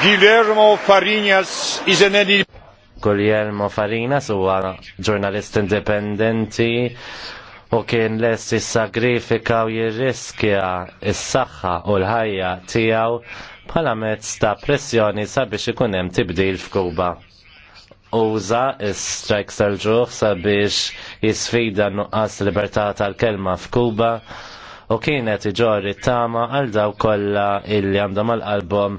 Guillermo Farinas is an edit. Guillermo Farinas huwa ġurnalist indipendenti u kien lest jissagrifika u jirriskja s-saħħa u l-ħajja tiegħu bħala mezz ta' pressjoni sabiex ikun hemm tibdil f'Kuba. Uża s tal-ġuħ sabiex jisfida nuqqas libertà tal-kelma f'Kuba u kienet iġorri tama għal daw kolla illi għandhom għal album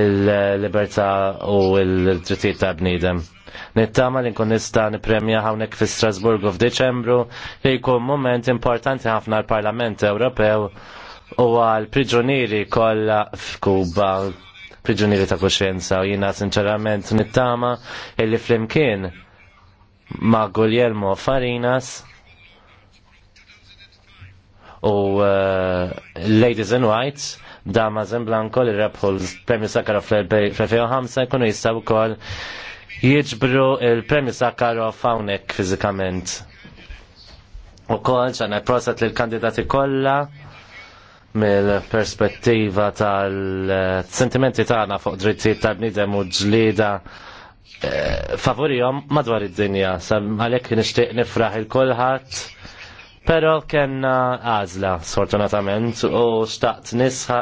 il-libertà u l-drittijiet ta' bniedem. Nittama li nkun nista' nipremja hawnhekk fi Strasburgu f'Deċembru li jkun moment importanti ħafna l-Parlament Ewropew u għal priġunieri kollha f'Kuba priġunieri ta' kuxjenza u jiena sinċerament nittama illi flimkien ma' Guglielmo Farinas u uh, Ladies in Whites dama Blanco li rebħu l-premju Sakharov fl-2005 kunu jistaw kol jiġbru il-premju Sakharov fawnek fizikament. U kol ċana prosat li l-kandidati kolla mill-perspettiva tal-sentimenti tagħna fuq drittijiet tal-bniedem u ġlida eh, favorijom madwar id-dinja. Għalhekk nixtieq nifraħ il-kulħadd Pero kena għazla, sfortunatament, u xtaqt nisħa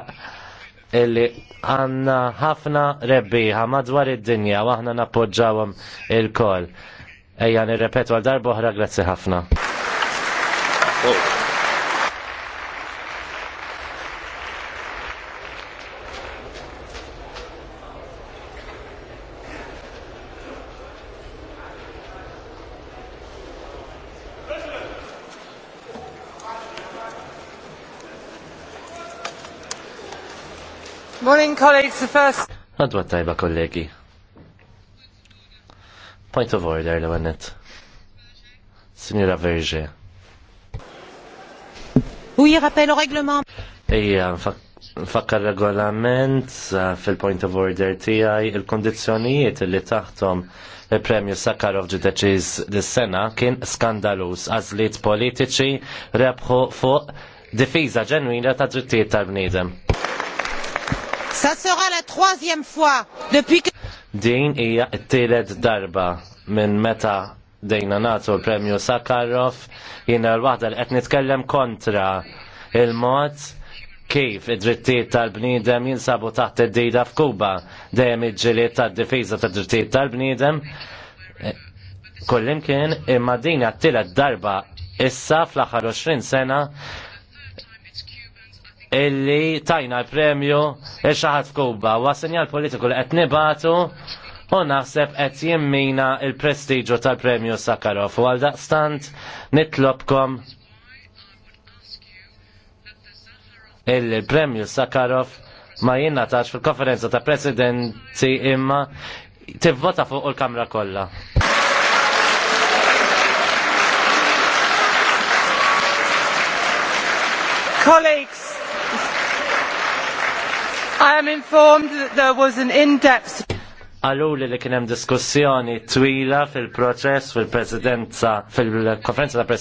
illi għanna ħafna rebbiħa madwar id-dinja u aħna nappoġġawhom il-kol. Ejja nirrepetu għal darba grazzi ħafna. Oh. Morning, colleagues, the first. Għadwa tajba, kollegi. Point of order, l għannet. Signora Verge. Oui, rappel au règlement. Ija, nfakka regolament eh, fil-point of order tijaj il-kondizjonijiet li taħtom il-premju Sakharov ġi deċiż dis-sena kien skandalus għażliet politiċi rebħu fuq difiża ġenwina ta' drittijiet tal-bniedem. Ça sera la troisième fois depuis que... Din hija t-tielet darba minn meta dejna natu l-premju Sakharov jina l-wahda li qed nitkellem kontra il-mod kif id-drittijiet tal-bniedem jinsabu taħt id-dida f'Kuba dejjem il-ġiliet tad-difiża tad-drittijiet tal-bniedem kullimkien imma din t-tielet darba issa fl-aħħar 20 sena illi tajna premju il-xaħat f'Kuba u għas-senjal politiku li qed nibatu u naħseb qed jimmina il-prestiġu tal-premju Sakharov u għaldaqstant nitlobkom il-premju Sakharov ma jinnatax fil-konferenza ta' presidenti imma tivvota fuq il-kamra kollha. Colleagues, I am informed that there was an in-depth Għaluli li kienem diskussjoni twila fil-proċess fil-presidenza, fil-konferenza ta' presidenza